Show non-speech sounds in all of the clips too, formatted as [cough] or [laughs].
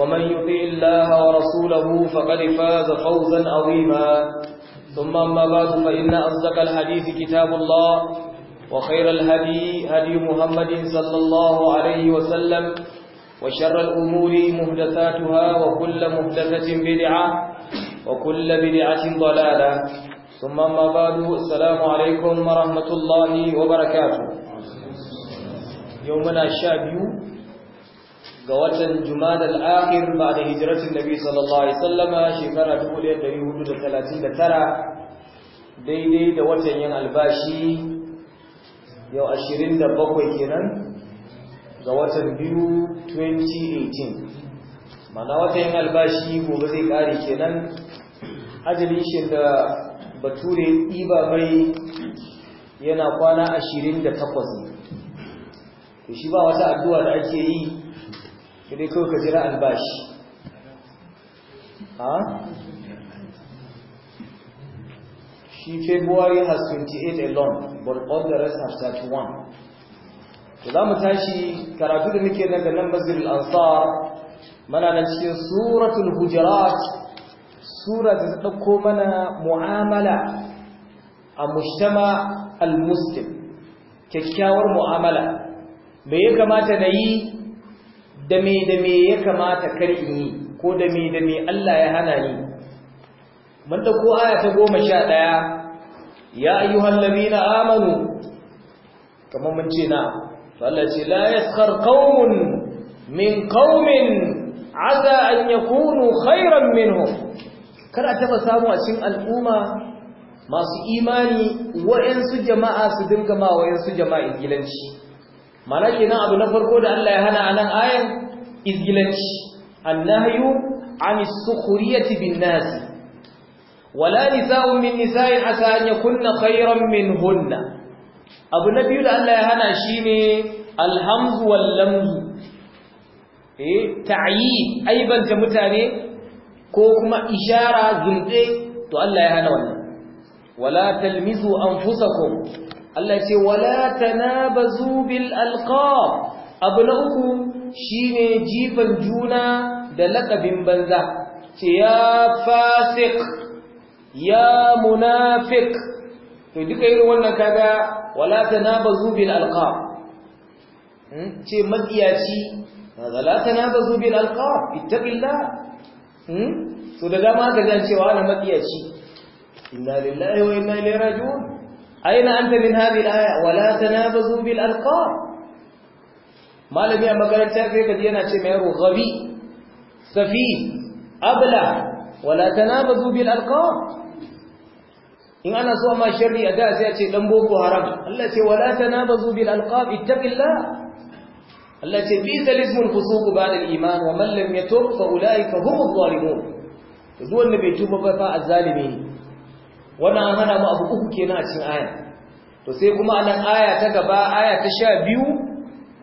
ومن يطع الله ورسوله فقد فاز فوزا عظيما ثم أما بعد فإن أصدق الحديث كتاب الله وخير الهدي هدي محمد صلى الله عليه وسلم وشر الأمور مهدثاتها وكل مهدثة بدعة وكل بدعة ضلالة ثم أما بعد السلام عليكم ورحمة الله وبركاته يومنا الشعبي ga watan Jumadal Akhir ba da hijiratin Nabi sallallahu alaihi wasallama shekara 1439 daidai da watan yin albashi yau 27 kenan ga watan biyu 2018 mana watan yin albashi gobe zai kare kenan ajalin shi da bature iba mai yana kwana 28 to shi ba wata addu'a da ake yi sai dai kawai ka jira albashi ha shi february has 28 alone but all the rest have 31 to za mu tashi karatu da muke daga nan masjid al-ansar mana nan cikin suratul hujurat sura da ta dauko mana mu'amala a mujtama al-muslim kyakkyawar mu'amala me ya kamata na yi da me da me ya kamata kar in yi ko da me da me Allah ya hana ni mun dauko aya ta 11 ya ayyuhal ladina amanu kamar mun ce na Allah ce la yaskhar qaumun min qaumin asa an yakunu khairan minhum kada taba samu a cikin al'umma masu imani wa'yansu jama'a su dinga ma wa'yansu jama'a gilanci mana kenan abu na farko da Allah ya hana a nan ayan izgilanci annahyu an sukhriyati bin nas wala nisa'un min nisa'in asa an yakunna khayran minhunna abu na biyu da Allah ya hana shine alhamzu wal lamzu eh ta'yib aibanta mutane ko kuma ishara zulde to Allah ya hana wannan wala talmizu anfusakum Allah ce wala tanabazu bil alqab abu na uku shine jifan juna da lakabin banza ce ya fasik ya munafik to duka irin wannan kaga wala tanabazu bil alqab hmm? ce matsiyaci wala tanabazu bil alqab ittaqillah hmm? to da dama ga cewa ana matsiyaci inna lillahi wa inna ilaihi raji'un أين أنت من هذه الآية ولا تنابزوا بالألقاب ما لم يعمل تافه قد ينأتي مير غبي سفيه أبلع ولا تنابزوا بالألقاب in ana so ma sharri a da sai a ce dan boko haram Allah ce wala tanabazu bil alqab ittaqillah Allah ce bi talismul fusuq ba'da al iman wa man lam yatub fa ulaika humuz zalimun duk wanda bai tuba ba fa azzalimi wannan an hana mu abu uku kenan a cikin aya to sai kuma anan aya ta gaba aya ta sha biyu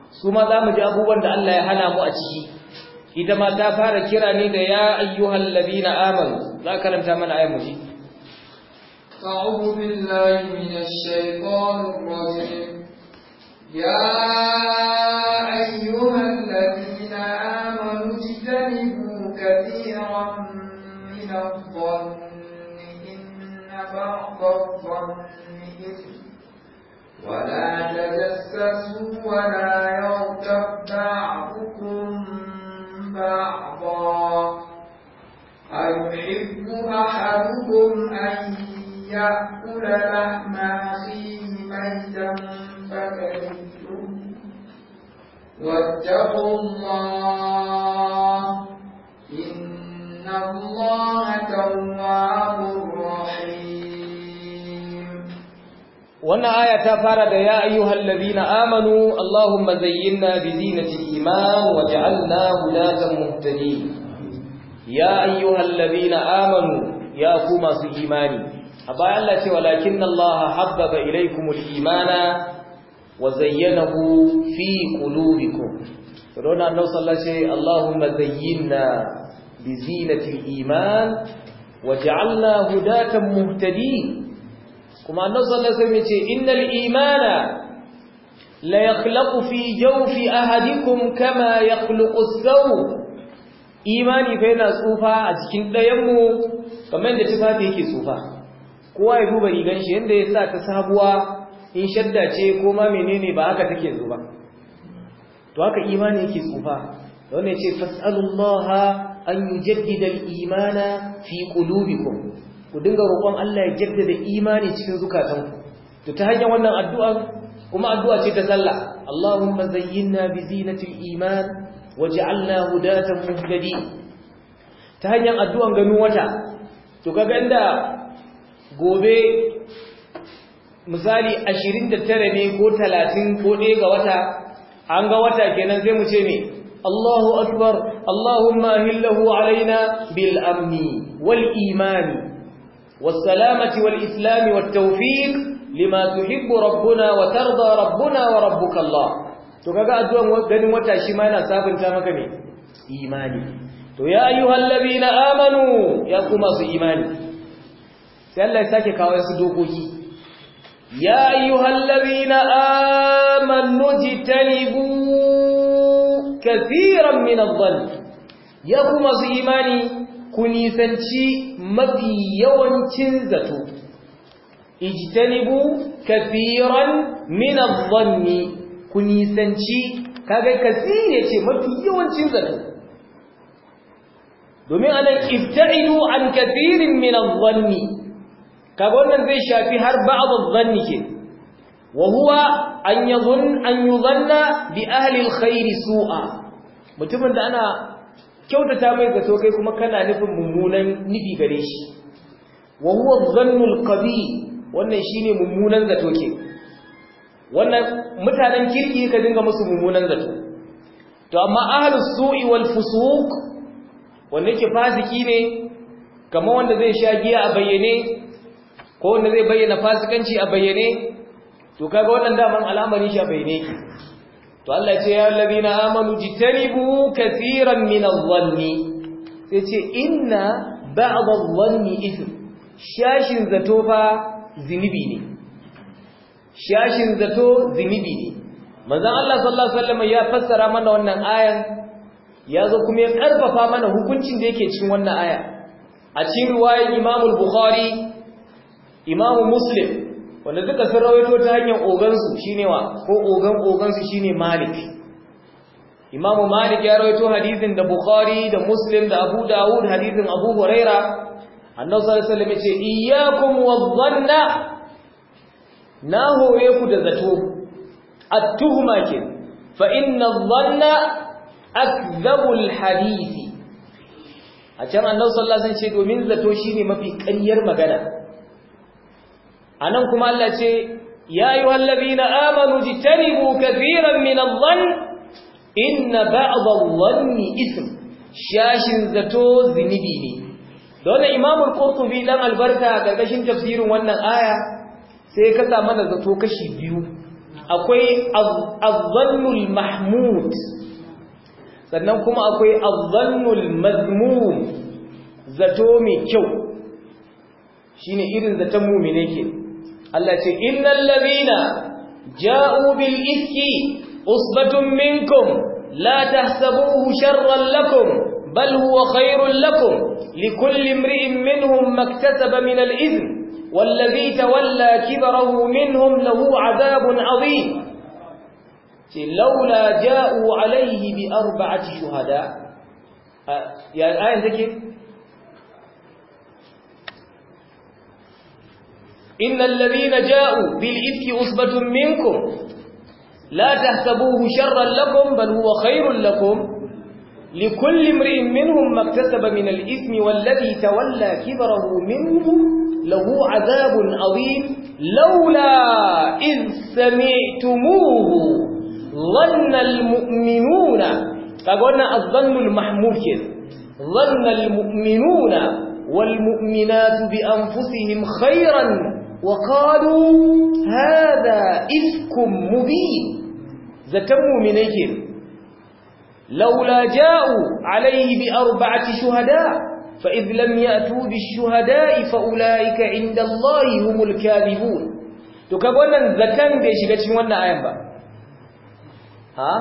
su ma za mu ji abubuwan da Allah ya hana mu a ciki ita ma ta fara kira ne da ya ayyuhal ladina amanu za karanta mana ayan mu ji أعوذ بالله من الشيطان الرجيم يا أيها الذين آمنوا اجتنبوا كثيرا من الظن بعض الظن إثم ولا تجسسوا ولا wannan aya ta fara da ya ayyuhal ladina amanu allahumma zayyinna bi zinatil iman waj'alna hudatan muhtadin ya ayyuhal ladina amanu ya ku masu imani a baya Allah ce walakin Allah habbaba ilaykumul imana wa zayyanahu fi qulubikum rona annabi sallallahu alaihi allahumma zayyinna bi zinatil iman waj'alna hudatan muhtadin kuma annabi sallallahu alaihi wasallam yace innal imana la yakhluqu fi jawfi ahadikum kama yakhluqu as imani fa yana tsufa a cikin mu kamar yadda tufafi yake tsufa kowa ya duba rigan shi yadda ya sa ta sabuwa in shadda ce ko ma menene ba haka take zuba to haka imani yake tsufa da wannan ya ce fas'alullaha an yujaddida al-imana fi qulubikum ku dinga roƙon Allah ya jaddada imani cikin zukatanku to ta hanyar wannan addu'a kuma addu'a ce ta sallah Allahumma zayyinna bi zinatil iman waj'alna hudatan muhtadi ta hanyar addu'an ganin wata to kaga inda gobe misali 29 ne ko 30 ko ɗaya ga wata an ga wata kenan sai mu ce me Allahu akbar Allahumma hillahu alaina bil amni wal imani والسلامه والاسلام والتوفيق لما تحب ربنا وترضى ربنا وربك الله to kaga addu'an ganin wata shi ma yana sabunta maka ne imani to ya ayyuhal ladina amanu ya kuma su imani sai Allah ya sake kawo su dokoki ya ayyuhal na amanu jitalibu kaseeran min adh ya kuma su imani ku nisanci mafi yawancin zato ijtanibu kafiran min adh-dhanni ku nisanci kaga kasiri ce mafi yawancin zato domin anan ibta'idu an kathirin min adh-dhanni kaga wannan zai shafi har ba'd adh-dhanni ke wa huwa an yadhun an yudhanna bi ahli al-khair su'a mutumin da ana kyautata mai zato kai kuma kana nufin mummunan nufi gare shi wa huwa dhannul qabi wannan shine mummunan zato ke wannan mutanen kirki ka dinga musu mummunan zato to amma ahlus su'i wal fusuq wanda yake fasiki ne kamar wanda zai sha giya a bayyane ko wanda zai bayyana fasikanci a bayyane to kaga waɗanda ban al'amarin shi a bayyane to Allah ce ya na amanu jitanibu kaseeran min adh wanni. sai ce inna ba'd adh-dhanni ithm shashin zato fa zinibi ne shashin zato zinubi ne manzan Allah sallallahu alaihi wasallam ya fassara mana wannan ayan ya zo kuma ya karfafa mana hukuncin da yake cikin wannan aya a cikin riwayar Imamul bukhari Imam Muslim wanda duka sun rawaito ta hanyar ogansu shine wa ko ogan ogansu shine malik imamu malik ya rawaito hadisin da bukhari da muslim da abu dawud hadisin abu huraira annabi sallallahu alaihi wasallam ya iyyakum wadhanna na hore ku da zato at-tuhma ke fa inna dhanna akdhabul hadisi a can annabi sallallahu alaihi wasallam ce domin zato shine mafi ƙaryar magana anan kuma Allah ce ya ayyuhal ladina amanu jitanibu kathiran min adh inna ba'd adh-dhanni shashin zato zinibi ne don Imam al dan albarka ƙarƙashin tafsirin wannan aya sai ka sa mana zato kashi biyu akwai adh-dhannul mahmud sannan kuma akwai adh-dhannul mazmum zato mai kyau shine irin zaton mumine ke التي إن الذين جاءوا بالإفك أصبة منكم لا تحسبوه شرا لكم بل هو خير لكم لكل امرئ منهم ما اكتسب من الإذن والذي تولى كبره منهم له عذاب عظيم لولا جاءوا عليه بأربعة شهداء آه، يا يعني الآية ذكر إن الذين جاءوا بالإفك أصبة منكم لا تحسبوه شرا لكم بل هو خير لكم لكل امرئ منهم ما اكتسب من الإثم والذي تولى كبره منهم له عذاب عظيم لولا إذ سمعتموه ظن المؤمنون فقلنا الظن المحمول كذا ظن المؤمنون والمؤمنات بأنفسهم خيرا وقالوا هذا إفك مبين زكم مؤمنين لولا جاءوا عليه بأربعة شهداء فإذ لم يأتوا بالشهداء فأولئك عند الله هم الكاذبون تكب wannan zakan bai shiga cikin wannan ayan ba ha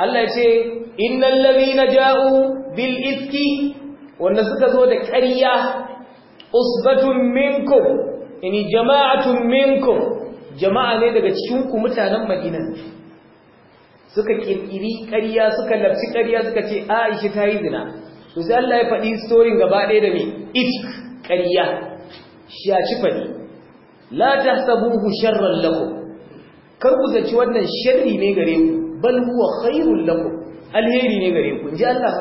Allah yace innal ladina ja'u bil iski, wanda suka zo da ƙarya usbatun minkum ini jama'atun minkum jama'a ne daga cikin ku mutanen Madina suka kirkiri ƙarya suka lafci ƙarya suka ce Aisha ta yi zina to sai Allah ya faɗi story gaba ɗaya da me ifk ƙarya shi ya ci faɗi la tahsabuhu sharran lakum kar ku zaci wannan sharri ne gare ku bal huwa khairul lakum alheri ne gare ku inji Allah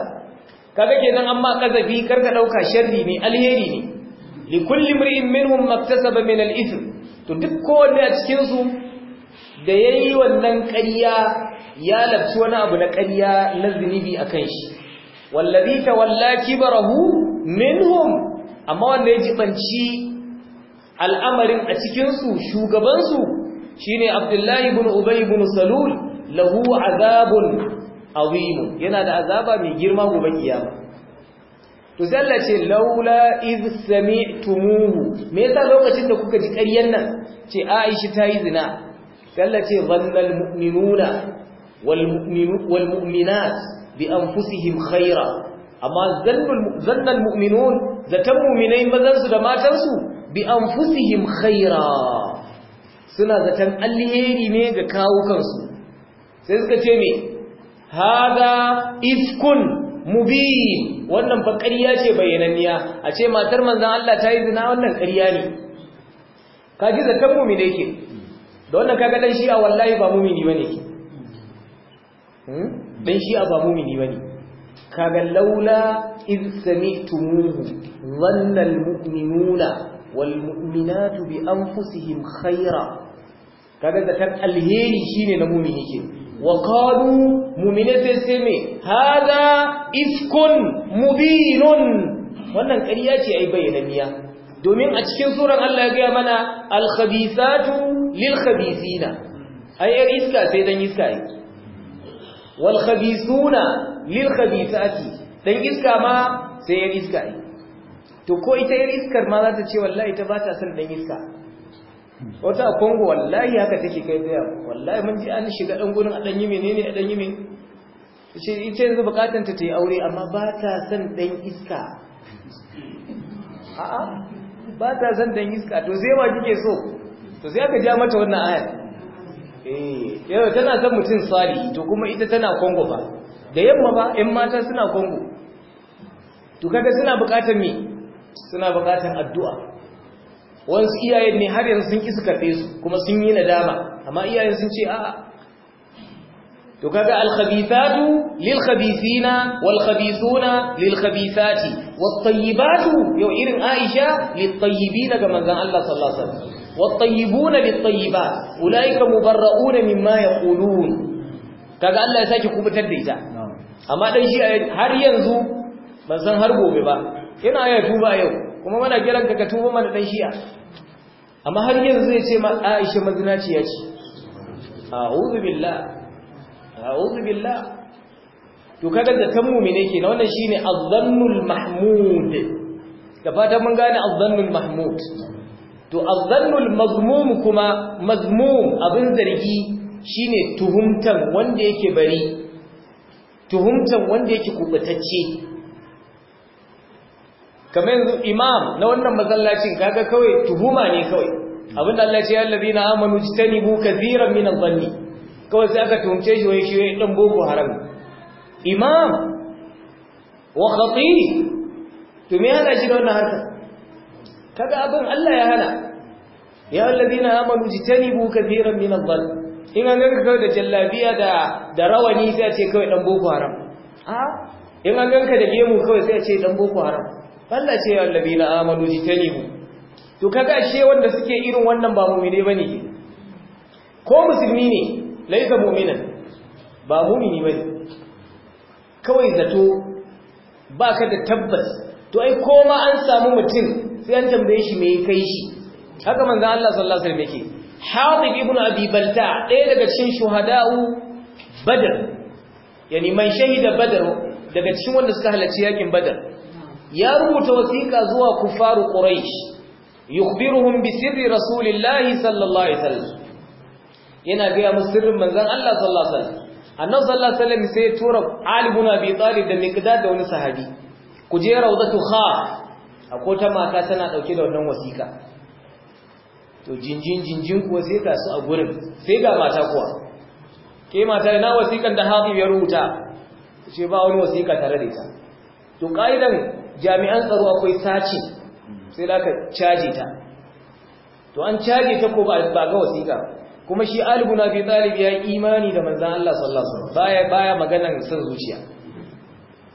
kaga kenan amma kazafi kar ka dauka sharri ne alheri ne li kulli imrin minhum maktasaba min al-ithm to duk kowanne a cikin su da yayi wannan ƙarya ya labci wani abu na ƙarya na zunubi akan shi wallazi tawalla kibarahu minhum amma wanda ya jibanci al'amarin a cikin su shugaban su shine Abdullahi ibn Ubay ibn Salul lahu azabun azim yana da azaba mai girma gobe kiyama to tallace Allah ce laula iz sami'tumuhu me yasa lokacin da kuka ji ƙaryan nan ce Aisha ta yi zina sai ce zannal mu'minuna wal wal mu'minat bi anfusihim khaira amma zannul zannal mu'minun zatan mu'minai mazan su da matan su bi anfusihim khaira suna zatan alheri ne ga kawukansu sai suka ce me hada ifkun mubin wannan fa ƙarya ce bayyananniya a ce matar manzan Allah ta yi zina wannan ƙarya ne ka ji zaton mumine ke da wannan kaga dan shi'a wallahi ba mumini bane ke dan hmm? shi'a ba mumini bane kaga laula iz sami'tumuhu dhanna almu'minuna walmu'minatu bi anfusihim khaira kaga zaton alheri shine na mumini ke وقالوا qalu mu'mina sai sai me hada mubinun wannan ƙarya ce ai miya. domin a cikin suran Allah ya gaya mana al-khabisatu lil-khabisina ai yar iska sai dan iska ai wal khabisuna lil-khabisati dan iska ma sai yar iska ai to ko ita yar iskar ma za ta ce wallahi ta ba ta son dan iska wata a kongo wallahi haka take kai tsaye wallahi mun ji an shiga ɗan gurin a ɗanyi menene a ɗanyi shi ita yanzu bukatanta ta yi aure amma ba ta son ɗan iska a'a ba ta son ɗan iska to sai wa kike so to sai aka ja mata wannan ayar eh yau tana son mutum sali to kuma ita tana kongo ba da yamma ba ƴan mata suna kongo to kaga suna bukatar me suna bukatar addu'a wansu iyayen ne har yanzu sun ki su karɓe su kuma sun yi nadama amma iyayen sun ce a'a to kaga al-khabithatu lil-khabithina wal-khabithuna lil-khabithati wat-tayyibatu yau irin Aisha lit-tayyibina ga manzon Allah sallallahu alaihi wasallam wat-tayyibuna lit-tayyibat ulaika mubarra'una mimma yaqulun kaga Allah ya saki kubutar da ita amma dan shi har yanzu ban san har gobe ba yana ya tuba yau kuma muna kiran ka ka tuba mana dan shi'a amma har yanzu zai ce ma aisha mazinaciya ce a'udhu billah a'udhu billah to kaga da kan mu'mine ke na wannan shine azzannul mahmud da fatan mun gane azzannul mahmud to azzannul mazmum kuma mazmum abin zargi shine tuhumtan wanda yake bari tuhumtan wanda yake kubatacce kamar yanzu imam na wannan masallacin kaga kawai tuhuma ne kawai abin da Allah ce ya allazina amanu jitanibu kathiran min adh-dhanni kawai sai aka tuhumce shi wai shi wai dan boko haram imam wa khatib to me yana shi da wannan harka kaga abin Allah ya hana ya allazina amanu jitanibu kathiran min adh-dhanni in an ganka kawai da jallabiya da da rawani sai a ce kawai dan boko haram a in an ganka da gemu kawai sai a ce dan boko haram Allah ce ya jita ne ku. to kaga ashe wanda suke irin wannan ba mu'mine bane ko musulmi ne laisa mu'minan ba mu'mini bane kawai zato baka da tabbas to ai koma an samu mutum sai an tambaye shi me kai shi haka manzon Allah sallallahu alaihi wasallam yake Hatib ibn Abi Balta ɗaya daga cikin shuhada'u Badr yani man shahida Badr daga cikin wanda suka halarci yakin Badr ya rubuta wasiƙa zuwa kufaru quraish yukhbiruhum bi sirri rasulillahi sallallahu alaihi wasallam yana gaya musu sirrin manzon Allah sallallahu alaihi wasallam annabi sallallahu alaihi wasallam sai ya tura Ali ibn Abi Talib da Miqdad da wani sahabi ku je rawdatu khaf akwai ta mata tana dauke da wannan wasiƙa to jinjin jinjin kuwa su a gurin sai ga mata kuwa ke mata ina wasiƙan da Hatib ya rubuta ce ba wani wasiƙa tare da ita to kaidan jami'an tsaro akwai sace sai da aka caje ta to an caje ta ko ba ga wasiƙa kuma shi alibu na fi talib ya imani da manzan Allah sallallahu alaihi wasallam baya magana maganan san zuciya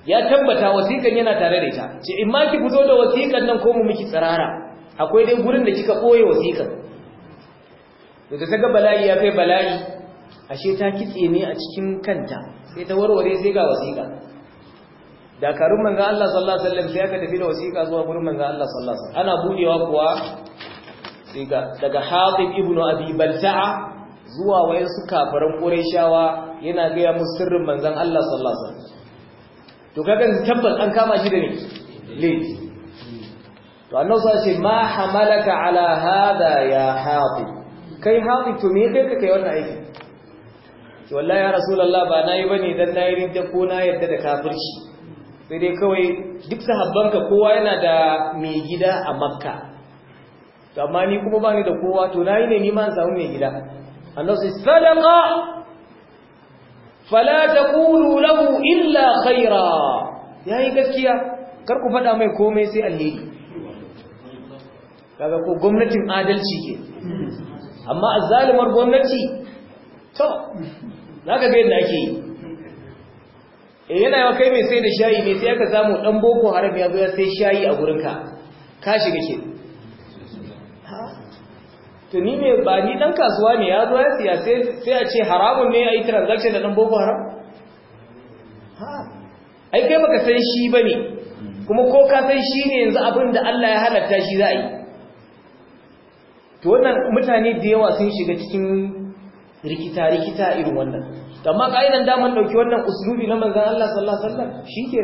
ya tabbata wasiƙan yana tare da ita ce in ma ki fito da wasiƙan nan ko mu miki tsirara akwai dai gurin da kika ɓoye wasiƙan to da ta ga bala'i ya kai bala'i ashe ta kitse ne a cikin kanta sai ta warware sai ga wasiƙa dakarun manzan Allah sallallahu alaihi wasallam sai aka tafi da wasiƙa zuwa gurin manzan Allah sallallahu alaihi wasallam ana budewa kuwa daga Hatib ibn Abi Balta'a zuwa wayan su kafaran Qurayshawa yana ga musu sirrin manzan Allah sallallahu alaihi wasallam to kaga tabbas an kama shi da ne le to annabi sai ma hamalaka ala hada ya Hatib kai Hatib to me kai kai wannan aiki to wallahi ya rasulullah ba nayi bane dan nayi ridda ko na yadda da kafirci sai dai kawai duk sahabbanka kowa yana da mai gida a makka amma ni kuma ba ni da kowa to na yi ne nima an samu mai gida annan sai sadaka fala ta kulu illa khaira ya yi gaskiya karku ku faɗa mai komai sai alheri kaga ko gwamnatin adalci ke amma a zalimar gwamnati to za ka ga da ake yi e yana yawa kai mai sai da shayi ne sai aka samu dan boko haram ya zo ya sai shayi a gurinka ka shiga ke to ni mai ba ni dan kasuwa ne ya zo ya siya sai a ce haramun ne yi transaction da dan boko haram ha ai kai baka san shi bane kuma ko ka san shi ne yanzu abin da Allah ya halatta shi za a yi to wannan mutane da yawa sun shiga cikin rikita rikita irin wannan amma ka'idan nan damar dauki wannan usulubi na manzan Allah sallallahu alaihi wasallam ke.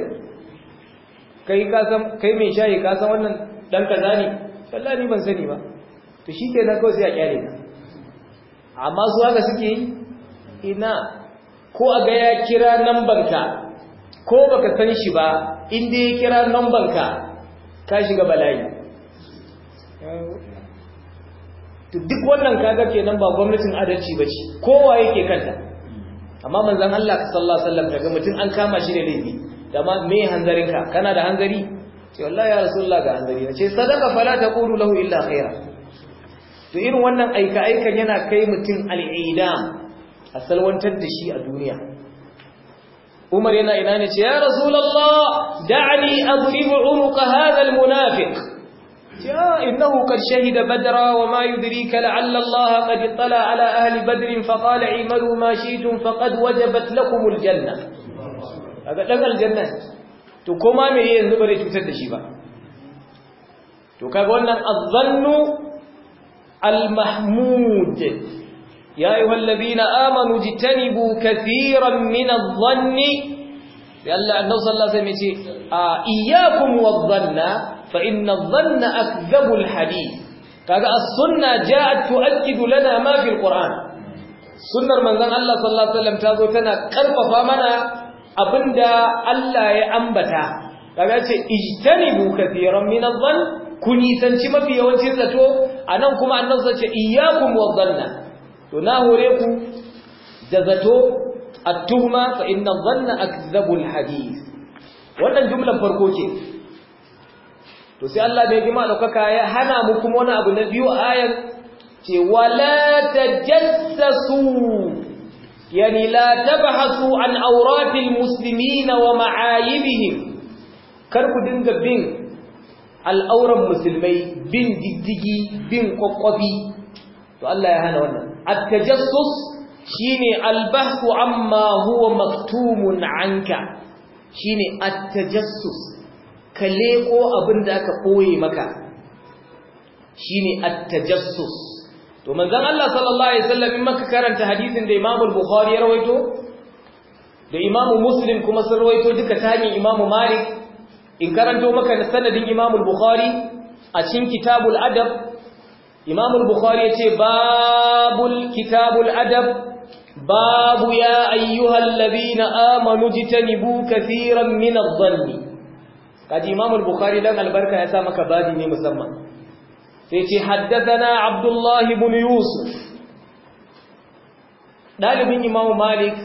kai ka kai mai shayi kasan wannan dan kaza ne wallahi ni ban sani ba to shi ke na kawai sai a kyale ka amma su haka suke yi ina ko a ga ya kira nan ka ko baka san shi ba inda ya kira nan ka ka shiga bala'i duk wannan kaga kenan ba gwamnatin adalci ba ce kowa yake kanta amma manzon Allah sallallahu alaihi wasallam daga mutum an kama shi ne laifi da ma hanzarin ka, kana da hanzari ce wallahi ya rasulullah ga hanzari ce sadaka fala taqulu lahu illa khaira to irin wannan aika aikan yana kai mutum al'idam a salwantar da shi a duniya Umar yana ina ne ce ya rasulullah da'ani adribu umuka hadha almunafiq يا إنه قد شهد بدرا وما يدريك لعل الله قد اطلع على أهل بدر فقال عملوا ما شئتم فقد وجبت لكم الجنة هذا لك الجنة تكما من ينبري تسد شبا تكاقولنا الظن المحمود يا أيها الذين آمنوا اجتنبوا كثيرا من الظن sai Allah annabi sallallahu alaihi wasallam ya iyyakum wadhanna fa inna dhanna akdhabul hadith kaga as-sunna ja'at tu'akkidu lana ma fil qur'an sunnar manzon Allah sallallahu alaihi wasallam ta zo tana karfafa mana abinda Allah ya ambata kaga ce ijtanibu kathiran min adh-dhann kuni sanci mafi yawancin zato anan kuma annabi sace iyyakum wadhanna to na hore ku da zato at-tuhma fa inna dhanna akdhabul hadith wannan jumlan farko ce to sai Allah bai gima daukaka ya hana mu kuma wani abu na biyu ayar ce wala tajassasu yani la tabhasu an awratil muslimina wa ma'ayibihim kar ku dinga bin al'auran musulmai bin diddigi bin kwakwabi to Allah ya hana wannan at-tajassus shine albahu amma huwa maktumun anka shine attajassus ka leko abin da aka koye maka shine attajassus to manzon Allah sallallahu alaihi wasallam in maka karanta hadisin da Imam Bukhari ya rawaito da imamu Muslim kuma sun rawaito duka tani Imam Malik in karanto maka sanadin Imamul Bukhari a cikin Kitabul Adab Imam Bukhari yace babul Kitabul Adab babu ya ayyuhal ladina amanu jitanibu kathiran min adh-dhanni kaji imam al-bukhari dan albarka ya sa maka babi ne musamman sai ce haddathana abdullah ibn dalibin imam malik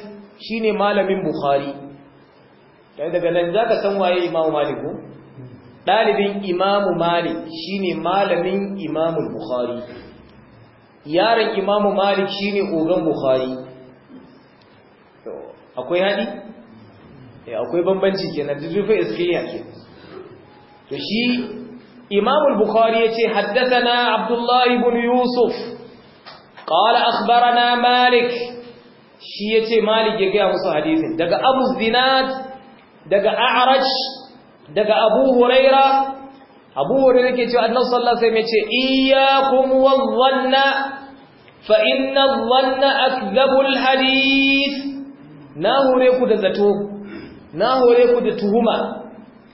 shine malamin bukhari dan daga nan zaka san waye imam malik ko dalibin imam malik shine malamin imam bukhari yaron imamu malik shine ogan bukhari akwai hali eh, akwai bambanci kenan duk rufe iskiya ke to shi imam al-bukhari yace haddathana abdullah ibn yusuf qala akhbarana malik shi yace malik ya ga musu hadisin daga abu zinad daga a'raj daga abu huraira abu huraira yake cewa annabi sallallahu alaihi wasallam yace iyyakum wadhanna fa inna adh-dhanna akdhabul hadith na hore ku da zato na hore ku da tuhuma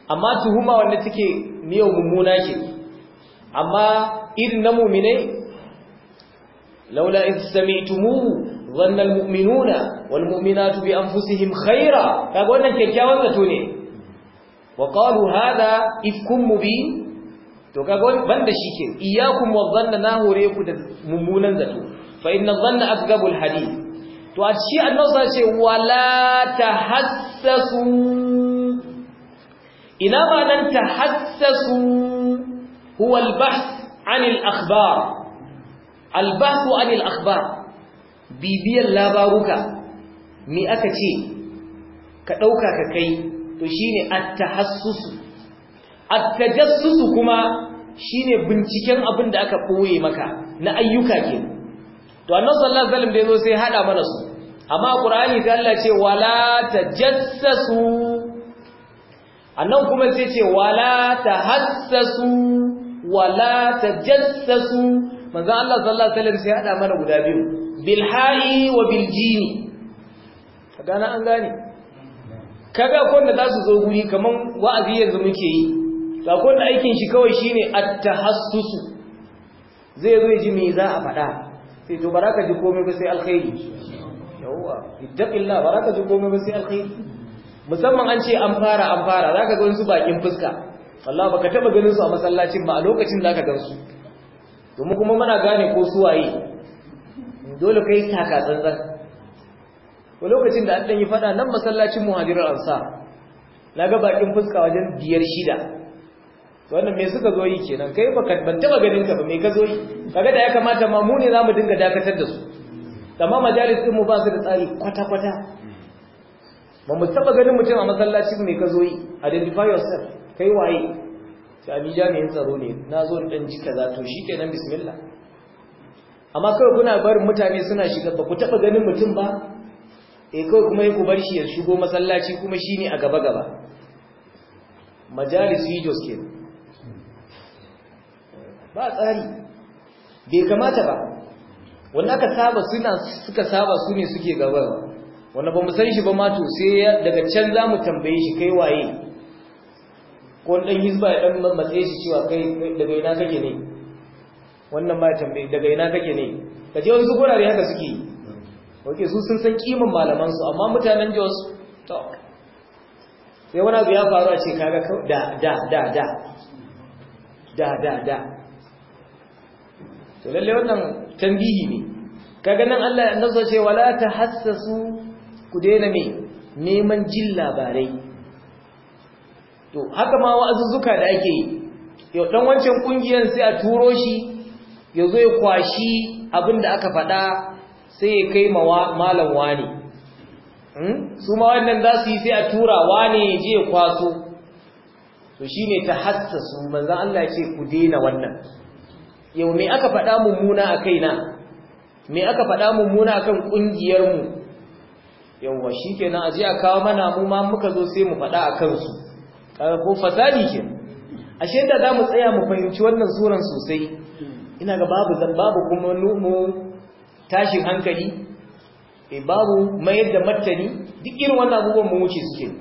amma tuhuma wanda take miyau mummuna ce amma irin na muminai laula in dhanna almu'minuna walmu'minatu bi anfusihim khaira kaga wannan kyakkyawan zato ne wa qalu hadha ifkum mubin to kaga banda shike iyyakum wadhanna na hore ku da mummunan zato fa inna dhanna akdabul hadith to a ci annabi ce wala tahassasu ina ba nan ta huwa al-bahth Anil akhbar al akhbar bibiyan labaruka me aka ce ka ɗauka ka kai to shine at-tahassusu at-tajassusu kuma shine binciken abin da aka koye maka na ayyuka kenan to annabi sallallahu alaihi wasallam da yazo sai hada mana su amma qur'ani da Allah ce wala tajassasu annan kuma sai ce wala tahassasu wala tajassasu manzo Allah sallallahu alaihi wasallam sai hada mana guda biyu bil ha'i wa bil jini kaga na an gane kaga wanda za su zo guri kaman wa'azi yanzu muke yi ga wanda aikin shi kawai shine at-tahassusu zai zo ji me za a faɗa sai to baraka ji komai ba sai alkhairi yawa ittaqillah baraka ji komai ba sai alkhairi musamman an ce an fara an fara zaka ga wasu bakin fuska Allah baka taba ganin su a masallacin ba a lokacin zaka gan su to mu kuma muna gane ko su waye dole kai taka tsantsan ko lokacin da an dan yi fada nan masallacin muhajirin ansa naga bakin fuska wajen biyar shida wannan me suka zo yi kenan kai baka ban taba ganin ka ba me ka zo yi kaga da ya kamata ma mu ne zamu dinga dakatar da su amma majalis din mu ba su da tsari kwata kwata ba mu taba ganin mutum a masallaci me ka zo yi identify yourself kai waye ta ni jami'in tsaro ne na zo in dan jika za to shikenan bismillah amma kawai kuna barin mutane suna shiga ba ku taba ganin mutum ba eh kawai kuma yi ku bar shi ya shigo masallaci kuma shine a gaba gaba majalis yi kenan ba tsari bai kamata ba wanda aka saba suna suka saba su ne suke gaba wanda ba mu san shi ba ma to sai daga can za mu tambaye shi kai waye ko dan hizba ya dan matse shi cewa kai daga ina kake ne wannan ma ya tambaye daga ina kake ne kaje wasu gurare haka suke yi oke su sun san kiman malamansu amma mutanen jos to sai wani abu ya faru a ce kaga da da da da da da da to lalle wannan tambihi ne kaga nan Allah ya nazo ce wala tahassasu ku daina me neman jin labarai to haka ma wa'azuzzuka da ake yi yau dan wancan kungiyar sai a turo shi ya zo ya kwashi abin da aka faɗa sai ya kai malam wani hmm? su ma wannan za su yi sai a tura wani je ya kwaso to shine tahassasu manzon Allah ya ce ku daina wannan yau me aka faɗa mummuna a kaina me aka faɗa mummuna kan ƙungiyarmu wa shi nan aje a kawo mana mu ma muka zo sai mu faɗa a kansu ko fasadi ke ashe da za mu tsaya mu fahimci wannan tsoron sosai ina ga babu zan babu kuma mu tashin hankali e babu mayar da martani duk irin wannan abubuwan mu wuce suke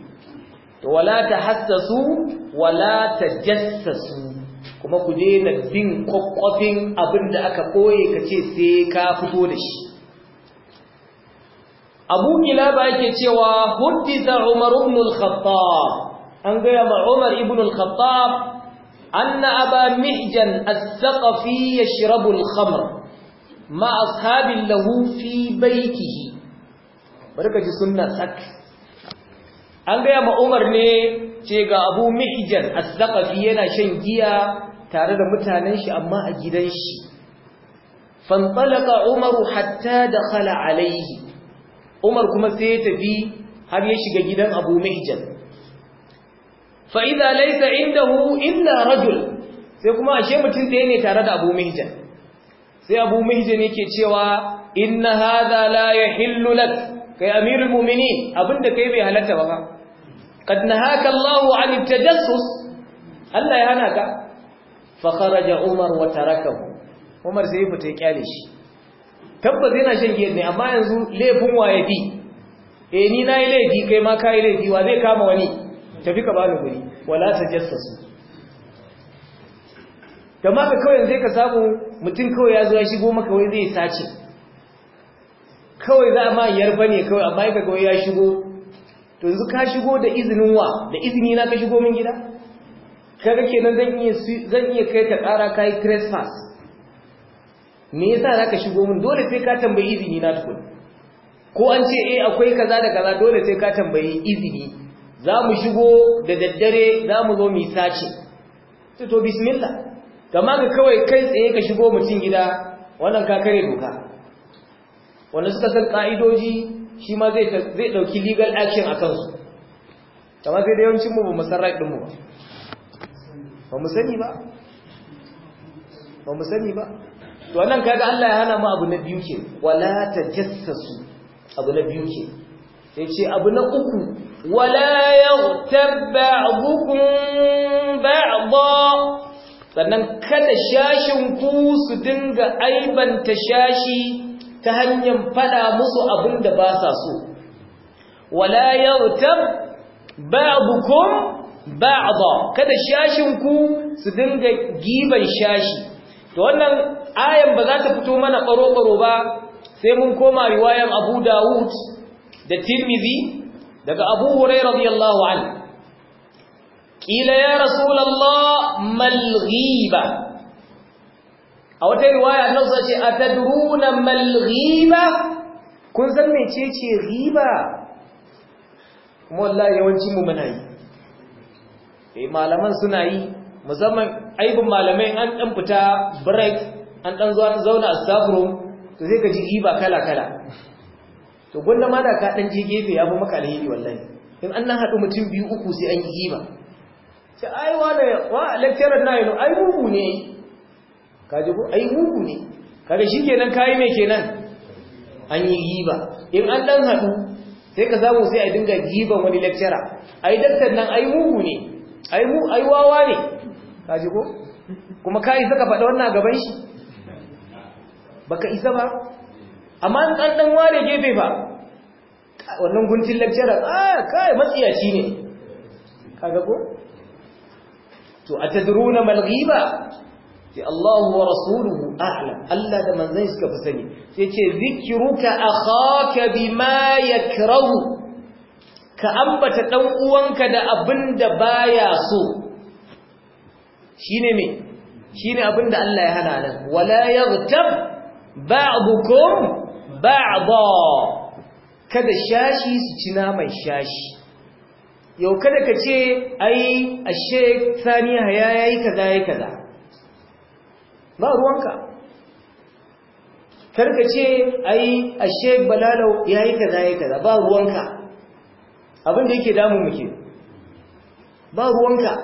wala ta hassasu, wala ta jassasu kuma ku daina bin kwakwafin abin da aka koye ka ce sai ka fito da shi abu kilaba yake cewa huddisa umar ibn al an gaya ma umar ibn al-khattab anna aba mihjan as-saqafi yashrabu al-khamr ma ashabin lahu fi baitihi barka ji sunna sak an gaya ma umar ne ce ga abu mihjan as yana shan giya tare da mutanen shi amma a gidan shi fantalaka umaru hatta khala alaihi umar kuma sai ya tafi har ya shiga gidan abu mihjan fa idza laysa indahu illa rajul sai kuma ashe mutum ɗaya ne tare da abu mihjan sai abu mihjan yake cewa inna hadha la yahillu lak kai amirul mu'minin abinda kai bai halatta ba kad nahaka Allahu an tajassus Allah ya hana ka fa umar wa tarakahu umar sai ya fita ya kyale shi tabbas yana shan giya ne amma yanzu laifin waye bi eh ni nayi laifi kai ma kai laifi wa zai kama wani tafi ka bani guri wala tajassasu da maka kawai zai ka samu mutum kawai ya zo ya shigo maka wai zai sace kawai za ma yarba ne kawai amma ya kawai ya shigo to yanzu ka shigo da izinin wa da izini na ka shigo min gida kada kenan zan iya zan iya kai ka ƙara kai trespass me yasa zaka shigo mun dole sai ka tambayi izini na tukun ko an ce eh akwai kaza da kaza dole sai ka tambayi izini za mu shigo da daddare za mu zo mu sace to to bismillah Kamar ka kawai kai tsaye ka shigo mutum gida wannan ka kare doka wannan suka san ka'idoji shi ma zai zai dauki legal action akan su kamar sai da yawancin mu ba mu din mu ba ba mu sani ba ba mu sani ba to wannan kaga Allah ya hana mu abu na biyu ke wala tajassasu abu na biyu ke yace abu na uku wala yaghtab ba'dukum ba'dha sannan kada shashin ku su dinga aibanta shashi ta hanyar fada musu abin da ba sa so wala yaghtab ba'dukum ba'da kada shashin ku su dinga giban shashi to wannan ayan ba za ta fito mana ƙaro-ƙaro ba sai mun koma riwayan Abu Dawud da Tirmidhi daga Abu Hurairah radiyallahu anhu kila ya rasulullah mal ghiba a wata riwaya nan sai ce atadruna mal ghiba kun san mecece ghiba kuma wallahi yawancin mu muna yi eh malaman suna yi musamman aibin malamai an dan fita break an dan zauna a staff to sai ka ji giba kala kala to gunda ma da ka dan ji gefe ya fi maka alheri wallahi in an nan haɗu mutum biyu uku sai an yi giba ce ai wane wa lecturer na yano ai mugu ne ka ji ko ai mugu ne shi shikenan kai me kenan an yi giba in an dan haɗu sai ka samu sai a dinga giban wani lecturer ai daktar nan ai mugu ne ai mu ai wawa ne kaji ko kuma ka isa ka faɗa wannan gaban shi baka isa ba amma an dan ware gefe ba wannan guntin lecturer ah kai matsiyaci ne kaga ko to atadruna mal ghiba ti Allah wa rasuluhu a'lam Allah da manzon suka fi sani sai ce zikruka akhaka bima yakrahu ka ambata ɗan uwanka da abin da baya so shine me shine abin da Allah ya hana nan wala yaghtab ba'dukum ba'da kada shashi su ci naman shashi yau kada ka ce ai ashe sani haya yayi kaza yayi kaza ba ruwanka Kar ka ce ai ashe balalau yayi kaza yayi kaza ba ruwanka abin da yake damu muke ba ruwanka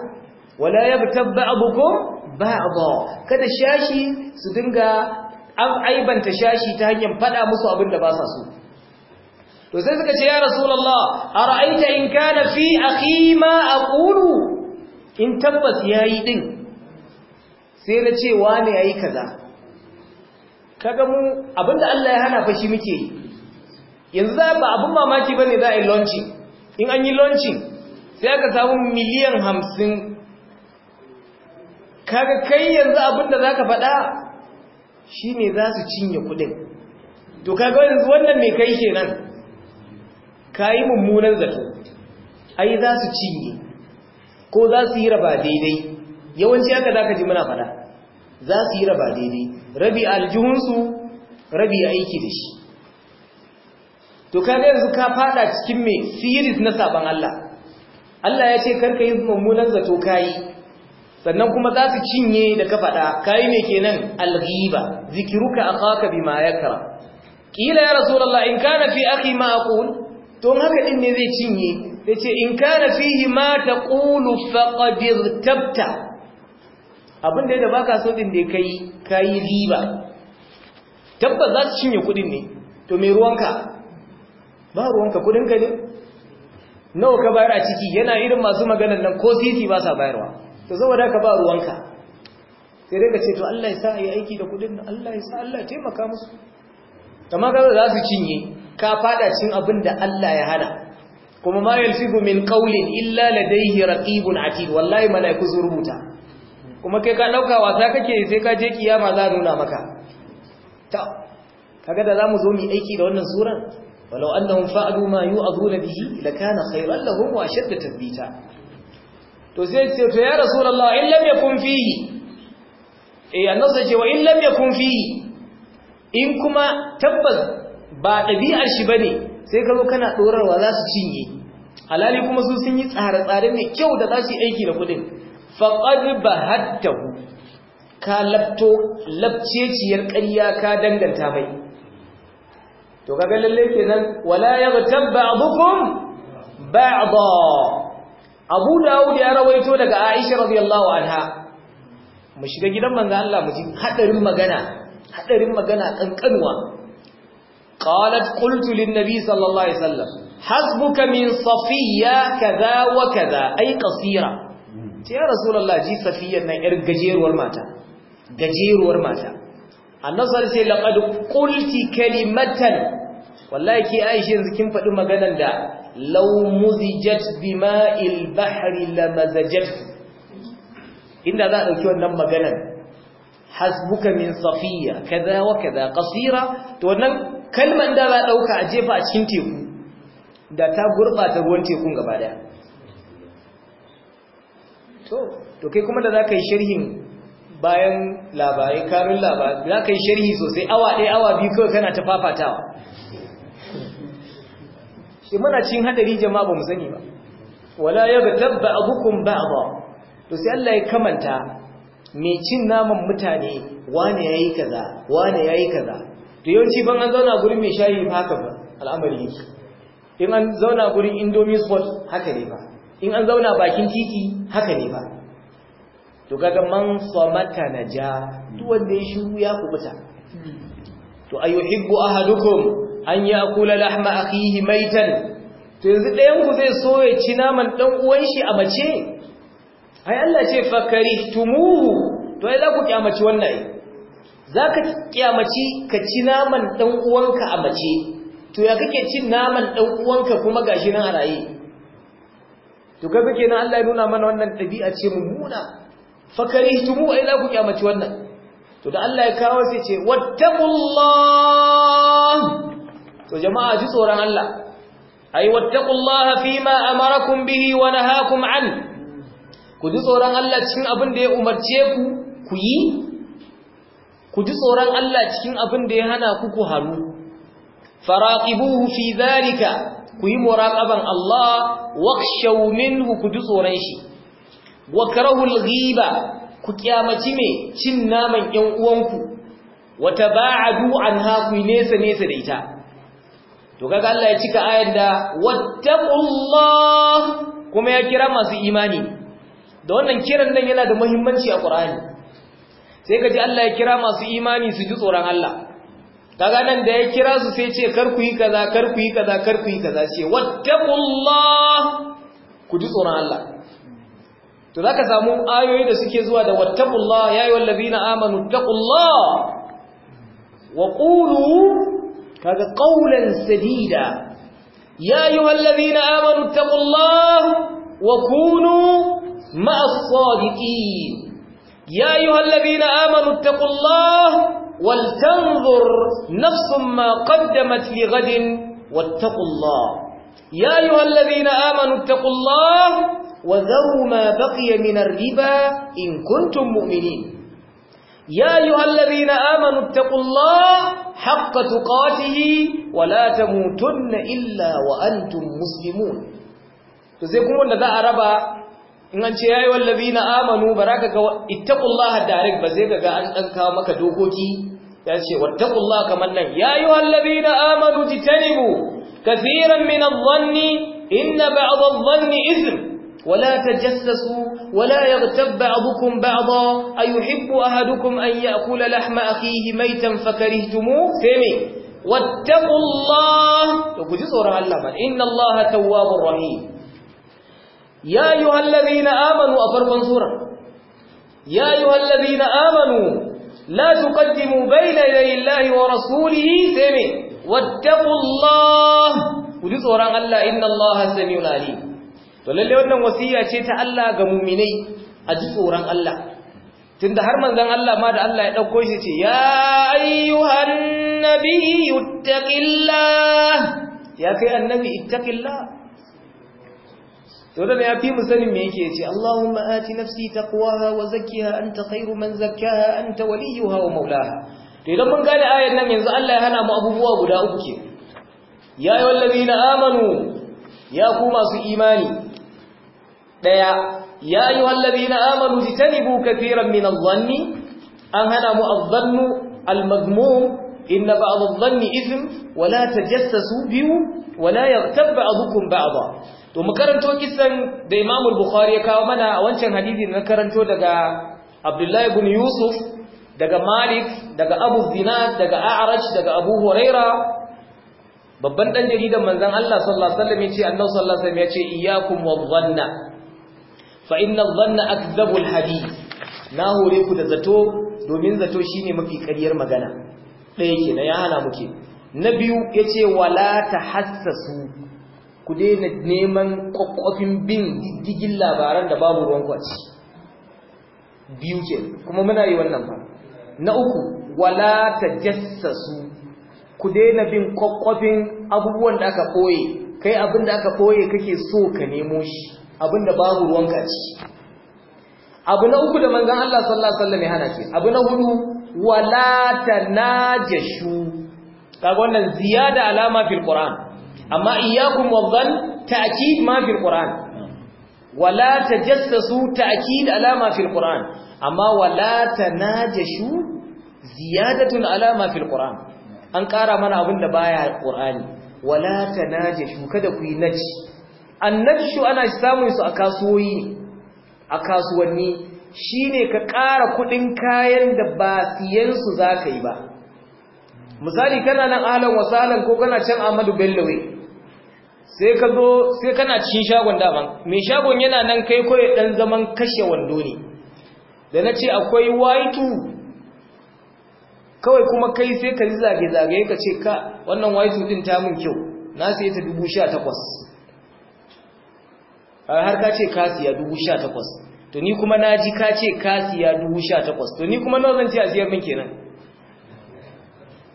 wala abukum ba abu kada shashi su dinga aibanta shashi ta hanyar fada musu abin da ba sa so to sai suka ce ya rasulullah ara'aita in kana fi akhi ma aqulu in tabbas yayi din sai na ce wane yayi kaza kaga mu abinda Allah ya hana fa shi muke yanzu za ba abun mamaki bane za a yi launching in an yi launchin sai aka samu miliyan hamsin kaga kai yanzu abinda za ka faɗa shi ne za su cinye kudin to kaga yanzu wannan mai kai ke nan ka yi mummunan zato ai za su cinye ko za su yi raba daidai yawanci haka za ka ji muna faɗa za su yi raba daidai rabi aljihunsu rabi aiki da shi to kaga yanzu ka fada cikin me series na sabon Allah Allah ya ce karka yi mummunan zato kai sannan kuma za su cinye da ka fada kai me kenan alghiba zikruka akaka bima yakra kila ya rasulullah in kana fi akhi ma aqul to haka din ne zai cinye yace in kana fihi ma taqulu faqad irtabta abin da baka so din da kai kai riba tabbas za su cinye kudin ne to me ruwanka ba ruwanka kudinka ne nawa ka bayar a ciki yana irin masu maganar nan ko sisi ba sa bayarwa to saboda ka ba ruwanka sai dai ka ce to Allah ya sa a yi aiki da kudin nan Allah ya sa Allah ya taimaka musu amma kaza za su cinye ka fada cin abin da Allah ya hana kuma ma yalfizu min qawlin illa ladayhi raqibun atid wallahi malaiku su rubuta kuma kai ka dauka wasa kake sai ka je kiyama za nuna maka ta kaga da zamu zo mu aiki da wannan suran ولو أنهم فعلوا ما يؤذون به لكان خيرا لهم وأشد تثبيتا تسيت يا رسول الله إن لم يكن فيه إيه النص وإن لم يكن فيه إن كما تبز ba ɗabi'ar shi bane sai ka kana ɗorarwa za su cinye halali kuma su sun yi tsare-tsare mai kyau da za su yi aiki da kudin faƙar ba hatta ka labto labceciyar ƙarya ka danganta mai تقابل الليل ولا يغتب بعضكم بعضا أبو انا أرويته لك عائشة رضي الله عنها مش كجدا من قال الله مجد حتى رم قنا حتى رم قنا قن قنوا قالت قلت للنبي صلى الله عليه وسلم حسبك من صفية كذا وكذا أي قصيرة يا رسول الله جي صفية من إرق جير والماتا جير والماتا annabi sallallahu alaihi wasallam laqad qulti kalimatan wallahi ki aisha yanzu kin faɗi maganar da law muzijat bima'il bahri lamazajat inda za a dauki wannan maganar hasbuka min safiya kaza wa kaza qasira to wannan kalmar da za a dauka a jefa a cikin teku da ta gurbata ruwan tekun gaba daya to to kai kuma da za ka yi sharhin bayan labarai karin labarai za ka yi sharhi sosai awa ɗaya awa biyu kawai kana ta fafatawa shi muna cin hadari jama'a ba mu sani ba wala ya ga tabba hukun ba ba to sai Allah ya kamanta mai cin naman mutane wane ya yi kaza wane ya yi kaza to yawanci ban an zauna gurin mai shayi ba haka ba al'amari yake in an zauna gurin indomie sport haka ne ba in an zauna bakin titi haka ne ba to kaga man samata naja duk wanda ya shiru ya kubuta to ayuhibbu ahadukum an ya'kula lahma akhihi maitan to yanzu ɗayan ku zai so ya ci naman dan uwan shi a mace ai Allah ce fakarihtumuhu to ai za ku kiyamaci wannan ai zaka kiyamaci ka ci naman dan uwanka a mace to ya kake cin naman dan uwanka kuma gashi nan a raye to kaga kenan Allah ya nuna mana wannan ɗabi'a ce mummuna fakarihtumu ai za ku kyamaci wannan to da Allah ya kawo sai ce wattaqullah to jama'a ji tsoron Allah ai wattaqullaha fima amarakum bihi wa nahakum an ku ji tsoron Allah cikin abin da ya umarce ku ku yi ku ji tsoron Allah cikin abin da ya hana ku ku haru faraqibuhu fi zalika ku yi muraqaban Allah waqshaw minhu ku ji tsoron shi wa karahul ghiba ku kiyamaci me cin naman ƴan uwanku wa taba'adu anha ku nesa nesa da ita to kaga Allah ya cika ayar da wattaqullah kuma ya kira masu imani da wannan kiran nan yana da muhimmanci a Qur'ani sai kaji Allah ya kira masu imani su ji tsoron Allah kaga nan da ya kira su sai ce kar ku yi kaza kar ku yi kaza kar ku yi kaza ce wattaqullah ku ji tsoron Allah to zaka samu ayoyi da suke zuwa da wattaqullah ya ayyuhal ladina amanu taqullah wa qulu kaga qawlan sadida ya ayyuhal ladina amanu taqullah wa kunu ma'as sadiqin ya ayyuhal ladina amanu taqullah ولتنظر نفس ما قدمت لغد واتقوا الله يا أيها الذين آمنوا اتقوا الله وذروا ما بقي من الربا إن كنتم مؤمنين يا أيها الذين آمنوا اتقوا الله حق تقاته ولا تموتن إلا وأنتم مسلمون تزيكم أن ذا أربا in an ce yayi wallazina amanu baraka ga ittaqullaha direct ba zai ga an dan kawo maka dokoki ya ce wattaqullaha kaman nan yayi wallazina amanu jitanibu kaseeran min adh-dhanni inna ba'd adh-dhanni ithm ولا تجسسوا ولا يغتب بعضكم بعضا أيحب أحدكم أن يأكل لحم أخيه ميتا فكرهتموه سمي واتقوا الله إن الله تواب رحيم يا أيها الذين آمنوا أفرقا سورة يا أيها الذين آمنوا لا تقدموا بين يدي الله ورسوله سمي واتقوا الله وجزء الله إن الله سميع عليم to lalle wannan wasiya ce ta Allah ga mu'minai a ji tsoron Allah tunda har manzon Allah ma da Allah ya dauko shi ce ya ayyuhan nabiyyu ittaqillah ya kai annabi ittaqillah to da ya fi mu sanin me yake ce Allahumma ati nafsi taqwaha wa zakkiha anta khairu man zakkaha anta waliyuha wa maulaha to idan mun gane ayar nan yanzu Allah ya hana mu abubuwa guda uku ke ya yi wallazina amanu ya ku masu imani daya ya na ladina amanu jitanibu katiran min adh-dhanni an hana mu al dhannu al-madhmum inna ba'd adh wala ta jasta su tajassasu wala ya la a ba'dukum ba'dha to mu karanto kisan da imamul bukhari ya kawo mana a wancan hadithi na karanto daga Abdullahi bin Yusuf daga Malik daga Abu Zinad daga A'raj daga Abu Huraira babban dan jaridan manzon Allah sallallahu alaihi wasallam yace annabi sallallahu alaihi wasallam ce, iyyakum wadhanna fa inna dhanna akdhabul hadith na hore ku da zato domin zato shine mafi ƙaryar magana ɗaya kenan ya hana muke na biyu yace wala tahassasu ku daina neman kwakwafin bin diddigin labaran da babu ruwan kwaci biyu ke kuma muna yi wannan ba na uku wala tajassasu ku daina bin kwakwafin abubuwan da aka koye kai abinda aka koye kake so ka nemo shi abinda babu ruwanka ci abu na uku da manzon Allah sallallahu alaihi wasallam ya hana ce abu na hudu wala tanajashu kaga wannan ziyada alama fil qur'an amma iyyakum wadhan ta'kid ma fil qur'an wala tajassasu ta'kid alama fil qur'an amma wala tanajashu ziyadatun alama fil qur'an an kara mana abin da baya qur'ani wala tanajashu kada ku yi naji annabshu ana samun su a kasuwoyi a kasuwanni shine ka ƙara kuɗin kayan da ba siyansu za ka yi ba misali kana nan ahalan wasalan ko kana can amadu bellowe sai ka zo sai kana cikin shagon daman mai shagon yana nan kai koyi ɗan zaman kashe wando ne da na ce akwai waitu kawai kuma kai sai ka yi zage-zage ka ce ka wannan waitu ɗin ta mun kyau na sai ta dubu sha takwas har ka ce ka siya dubu sha takwas to ni kuma na ji ka ce ka siya dubu sha takwas to ni kuma nawa zan ce a siyar min kenan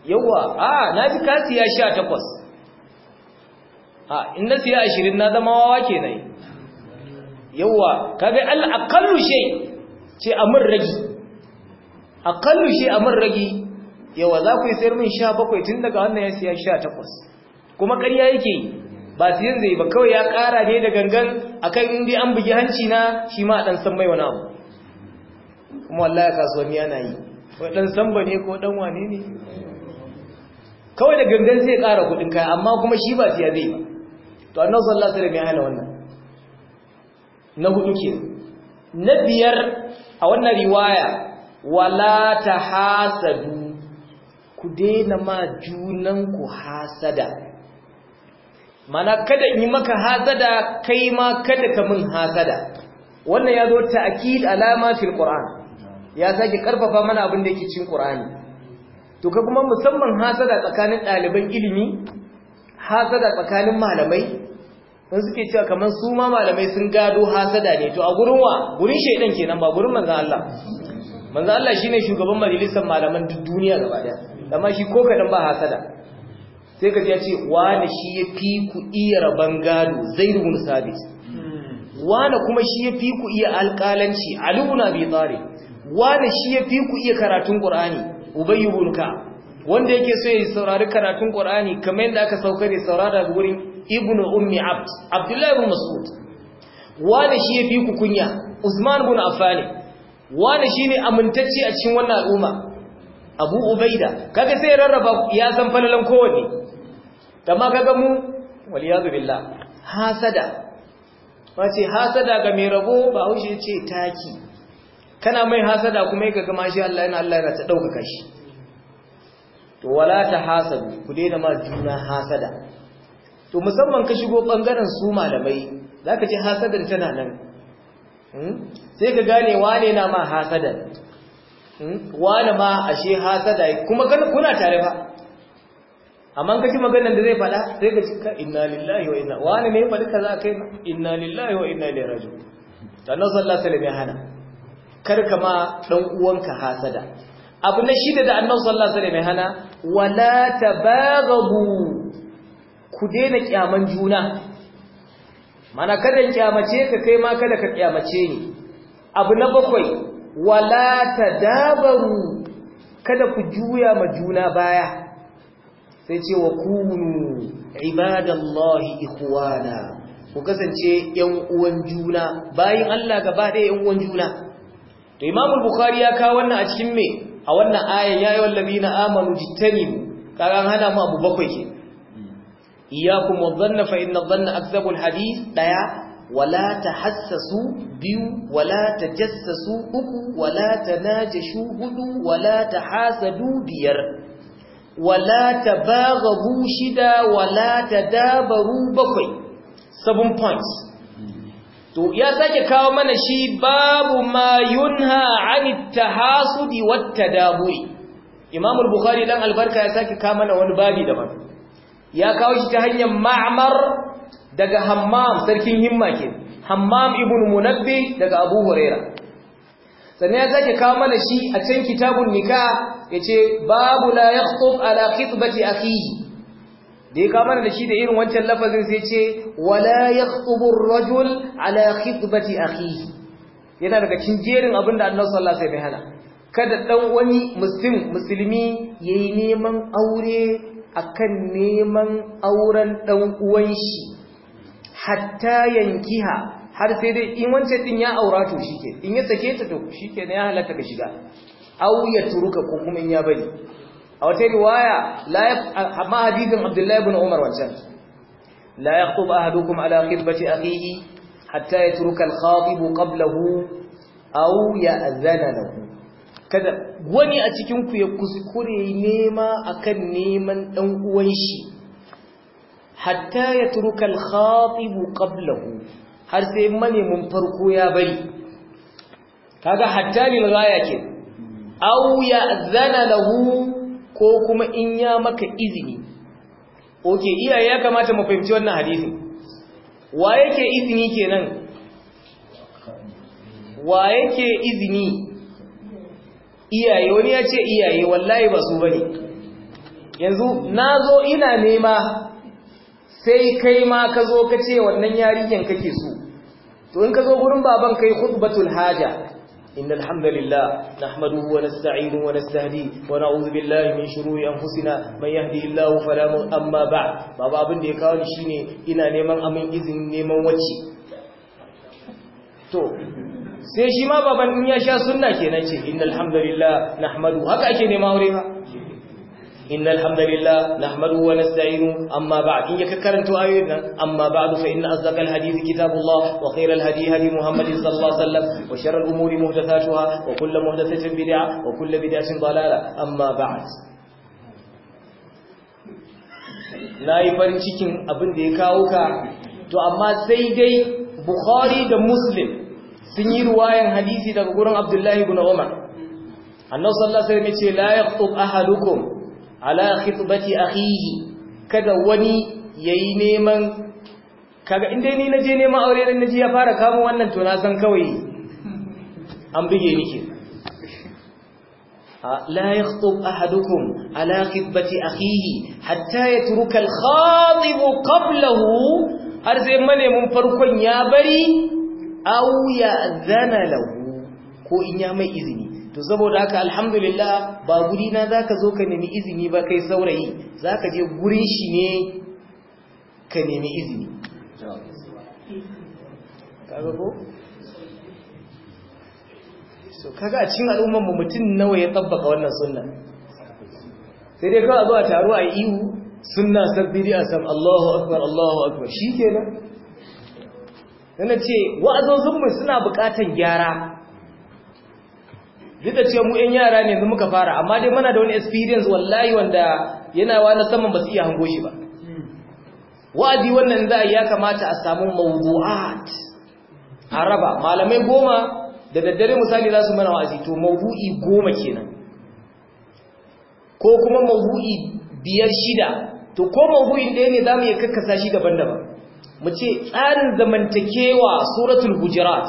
yawwa a na ji ka siya sha takwas a inda siya ashirin na zama wawa kenan yawwa ka ga al'akallu shai ce a min ragi akallu shi a min ragi yawa za ku yi sayar min sha bakwai tun daga wannan ya siya sha takwas kuma ƙarya yake yi ba siyan zai ba kawai ya ƙara ne da gangan akan indi an bugi hanci na shi ma ɗan san mai wani abu kuma wallahi kasuwanni ana yi ko ɗan ba ne ko ɗan wane ne kawai da gangan zai ƙara kuɗin kaya amma kuma shi ba siya zai ba to annabi sallallahu alaihi wasallam ya hana wannan na hudu ke na biyar a wannan riwaya wala tahasadu ku daina ma junan ku hasada mana kada in yi maka hasada kai ma kada ka min hasada wannan ya zo ta'kid alama fil qur'an ya sake karfafa mana abin da yake cikin qur'ani to ka kuma musamman hasada tsakanin ɗaliban ilimi hasada tsakanin malamai sun suke cewa kamar su ma malamai sun gado hasada ne to a gurin wa gurin shaydan kenan ba gurin manzon Allah manzon Allah shine shugaban majalisar malaman duk duniya gaba daya amma shi ko kadan ba hasada sai ka ya ce wane shi ya fi ku iya rabon gado zai rubun sabis wane kuma shi ya fi ku iya alƙalanci alibuna bai tsari wane shi ya fi ku iya karatun ƙur'ani ubayi ka wanda yake so ya saurari karatun ƙur'ani kamar yadda aka sauka ne saurara daga wurin ibnu ummi abd abdullahi bin mas'ud wane shi ya fi ku kunya usman bin affan wane ne amintacce a cikin wannan al'umma abu ubaida kaga sai rarraba ya san falalan kowanne amma kaga mu waliyazu billah hasada wace hasada ga mai rabo ba haushi ce taki kana mai hasada kuma yake ga mashi Allah yana Allah yana ta dauka shi to wala ta hasadu ku daina ma juna hasada to musamman ka shigo bangaren su malamai zaka ji hasadan tana nan hmm? sai ka gane wane na ma hasadan hmm? wane ma ashe hasada kuma kuna tare ba amma kaji maganar da zai faɗa sai ka ka inna lillahi wa inna wani ne faɗi kaza kai inna lillahi wa inna ilaihi raji'un ta annabi sallallahu alaihi wasallam ya hana kar ka ma dan uwanka hasada abu na shida da annabi sallallahu alaihi wasallam ya hana wala tabaghabu ku daina kyaman juna mana kada kyamace ka kai ma kada ka kyamace ni abu na bakwai wala tadabaru kada ku juya ma juna baya sai ce wa kunu ibadallahi ikhwana ku kasance yan uwan juna bayin Allah gaba ɗaya yan uwan juna to Imam Bukhari ya kawo wannan a cikin me a wannan ayan yayi wallazina amanu jitanibu karan hana mu abu bakwai ke iyakum wadhanna fa inna dhanna akzabul hadith daya wala tahassasu biyu wala tajassasu uku wala tanajashu hudu wala tahasadu biyar wala ta tabaghabu shida wala ta dabaru bakwai seven points to ya sake kawo mana shi babu ma yunha anit tahasudi wat tadaburi imam al-bukhari dan albarka ya sake kawo mana wani babi daban ya kawo shi ta hanyar ma'mar daga hammam sarkin himma ke hammam ibn munabbih daga abu huraira sannan ya sake kawo mana shi a can kitabun nikah yace babu la yakhthub ala khitbati akhihi da ya kawo mana da shi da irin wancan lafazin sai ce wala yakhtubu ar-rajul ala khitbati yana daga cikin jerin abin da Annabi sallallahu alaihi wasallam hana kada dan wani muslim musulmi yayi neman aure akan neman auren dan uwan shi hatta yankiha har sai dai in wancan din ya aura to shike in ya sake ta to shike ne ya halatta ka shiga aw ya turuka ko kuma in ya bari a wata riwaya la amma hadithin Abdullahi ibn Umar wancan la yaqtub ahadukum ala khitbati akhihi hatta yatruka al-khatib qablahu aw azana lahu kada wani a cikin ku ya kuskure nema akan neman dan uwan shi hatta yatruka al-khatib qablahu har sai manemin farko ya bari kaga hatta lil ghaya ke aw azana lahu ko kuma in ya maka izini oke iyaye ya kamata mu fahimci wannan hadisi wa yake izini kenan wa yake izini iyaye wani ya ce iyaye wallahi ba su bane yanzu nazo ina nema sai kai ma ka zo ka ce wannan yarinyan kake so to in ka zo wurin baban kai khutbatul haja إن الحمد لله نحمده ونستعينه ونستهديه ونعوذ بالله من شرور أنفسنا من يهدي الله فلا مضل أما بعد بابا abin da ya kawo ni shine ina neman amin izin neman wacce to sai shi ma baban in ya sha sunna kenan ce innal hamdalillah nahmadu haka ake neman aure ba إن الحمد لله نحمده ونستعينه أما بعد إن يككرنت آياتنا أما بعد فإن أصدق الحديث كتاب الله وخير الهدي هدي صلى الله عليه وسلم وشر الأمور مهدثاتها وكل مهدثة بدعة وكل بدعة ضلالة أما بعد na yi farin cikin abin da ya kawo ka to amma sai dai bukhari da muslim sun yi ruwayan hadisi daga wurin abdullahi ibn umar annabi ya ce la yaqtub ahadukum ala khitbati akhihi kada wani yayi neman kaga inda ni naje neman aure dan naji ya fara kamo wannan to na san kawai an bige ni ke la yakhthub ahadukum ala khitbati akhihi hatta yatruka al-khatib qablahu har sai manemin farkon ya bari aw ya zana lahu ko in ya mai izini to saboda haka alhamdulillah ba guri na zaka zo ka nemi izini ba kai saurayi zaka je gurin shi ne ka nemi izini kaga ko so kaga a cikin al'ummar mu mutum nawa ya tabbaka wannan sunna sai dai kawai zuwa zo a taro a ihu sunna a asam Allahu akbar Allahu akbar shikenan nana ce wa'azozin suna bukatan gyara duk da cewa mu ɗan yara ne yanzu muka fara amma dai muna da wani experience wallahi wanda yana wa na saman ba su iya hango shi ba wa'azi wannan za ya kamata a samu mawdu'at raba malamai goma da daddare misali za su mana wa'azi to mawdu'i goma kenan ko kuma mawdu'i biyar shida to ko mawdu'in ɗaya ne za mu iya kakkasa shi daban-daban mu ce tsarin zamantakewa suratul hujurat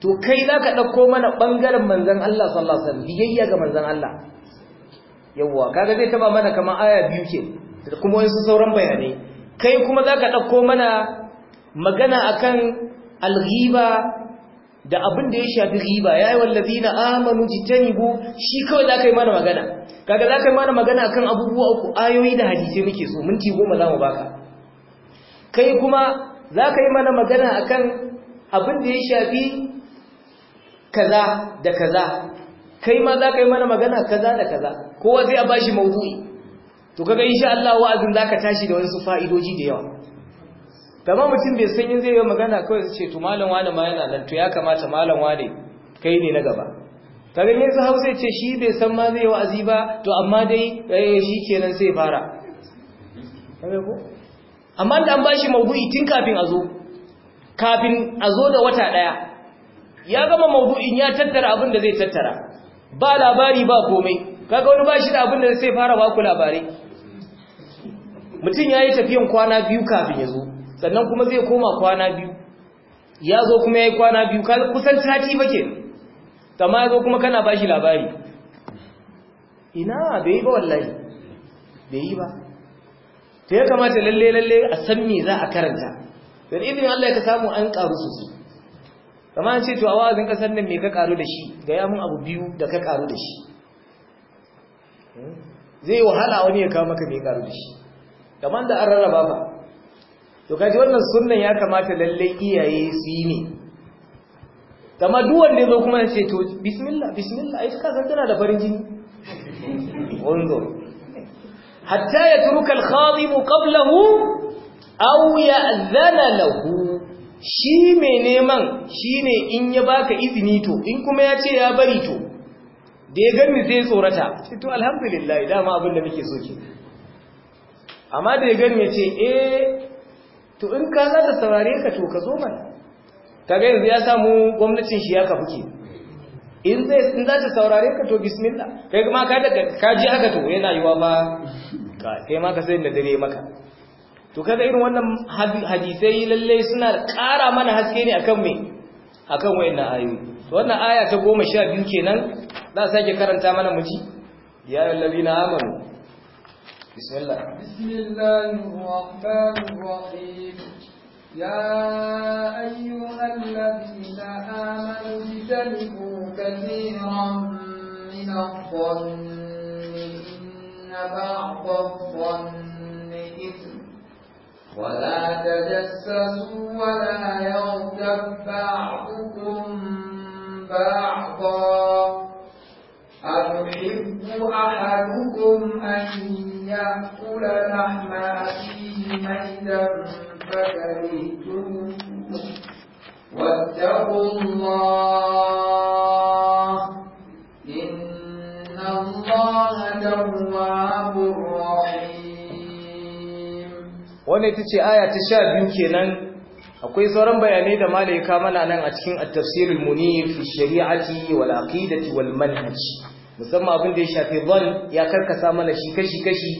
to kai za ka ɗauko mana ɓangaren manzan Allah sallallahu alaihi biyayya ga manzan Allah yawwa kaga zai taba mana kamar aya biyu ke da kuma wasu sauran bayanai kai kuma za ka ɗauko mana magana akan alghiba da abin da ya shafi riba ya yi wallazi na amanu jitanibu shi kawai za ka yi mana magana kaga za ka yi mana magana kan abubuwa uku ayoyi da hadisai muke so minti goma za mu baka kai kuma za ka yi mana magana akan abin da ya shafi kaza da kaza kai ma za ka yi mana magana kaza da kaza kowa zai a shi maudu'i to kaga insha Allah wa'azin zaka tashi da wasu fa'idoji da yawa kamar mutum bai san yin zai yi magana kawai su ce to malam wani ma yana nan to ya kamata malam wani kai ne na gaba kaga ne su hausa ce shi bai san ma zai wa'azi ba to amma dai eh, shi kenan sai fara amma da an shi maudu'i tun kafin a zo kafin a zo da wata daya ya gama maudu'in ya tattara abin da zai tattara ba labari ba komai kaga wani ba shi da abin da zai fara ba ku labarai mutum ya yi tafiyan kwana biyu kafin ya zo sannan kuma zai koma kwana biyu ya zo kuma ya yi kwana biyu kusan sati ba ke kama ya zo kuma kana ba shi labari ina bai yi ba wallahi bai yi ba ta ya kamata lalle-lalle a san me za a karanta da izinin Allah ya ka samu an ƙaru sosai kamar an ce to a wa'azin kasar nan me ka karu da shi ga ya mun abu biyu da ka karu da shi hmm? zai wahala wani ya kawo maka me karu da shi kamar da an rarraba ba to kaji wannan sunnan ya kamata lalle iyaye su yi ne kama duk wanda zo kuma ya ce to bismillah bismillah ai ka san tana da farin jini [laughs] wanzo hatta ya turuka al qablahu aw ya'zana lahu shi mai neman shi ne in ya baka izini to in kuma ya ce ya bari to da ya gani zai tsorata to alhamdulillah dama abin da muke so ke amma da ya gani ya ce eh to in ka za ta saurare ka to ka zo mana kaga yanzu ya samu gwamnatin shi ya kafuke in zai in za ta saurare ka to bismillah kai kuma ka ji haka to yana yiwa ba. kai ma ka sai da dare maka to kada irin wannan hadisai lalle suna ƙara mana haske ne akan me akan wayannan ayoyi to wannan aya ta 12 kenan za a sake karanta mana muji ya ayyuhallazina amanu bismillah bismillahir rahmanir rahim يا أيها الذين آمنوا اجتنبوا كثيرا من الظن إن ولا تجسسوا ولا يغتب بعضكم بعضا أيحب أحدكم أن يأكل لحم أخيه ميتا فكرهتموه واتقوا الله wannan ita ce aya ta sha biyu kenan akwai sauran bayanai da malaika mana nan a cikin at-tafsirul munir fi shari'ati wal aqidati wal manhaj musamman abin da ya shafi zan ya karkasa mana shi kashi kashi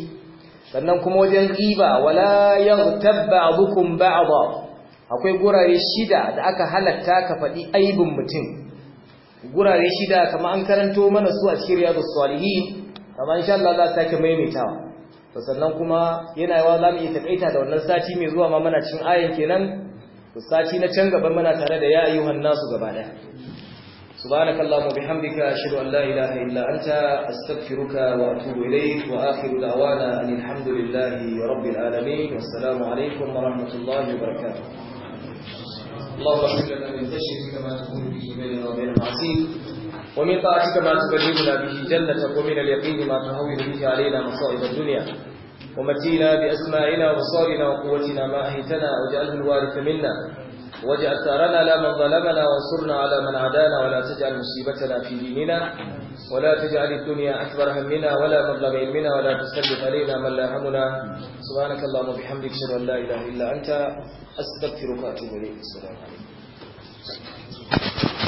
sannan kuma wajen riba wala yaghtab ba'dukum ba'da akwai gurare shida da aka halatta ka faɗi aibin mutum gurare shida kamar an karanto mana su a cikin riyadus salihin kamar insha Allah za ta sake maimaitawa to sannan kuma yana yawa za mu yi taƙaita da wannan sati mai zuwa ma mana cin ayan kenan to sati na can gaban mana tare da ya ayyuhan su gaba da subhanakallahu wa bihamdika ashhadu an la ilaha illa anta astaghfiruka wa atubu ilayk wa akhiru da'wana wa rabbil alamin wassalamu alaikum wa rahmatullahi wa barakatuh اللهم اغفر لنا من تشرك كما تكون به بيننا وبين المعصيه ومن طاعتك ما تبلغنا به جنتك ومن اليقين ما تهون به علينا مصائب الدنيا ومتينا بأسمائنا وبصارنا وقوتنا ما أهيتنا واجعله الوارث منا واجعل ثارنا على من ظلمنا وانصرنا على من عادانا ولا تجعل مصيبتنا في ديننا ولا تجعل الدنيا أكبر همنا ولا مبلغ علمنا ولا تسلط علينا من لا همنا سبحانك اللهم وبحمدك اشهد ان لا اله الا انت استغفرك واتوب اليك السلام عليكم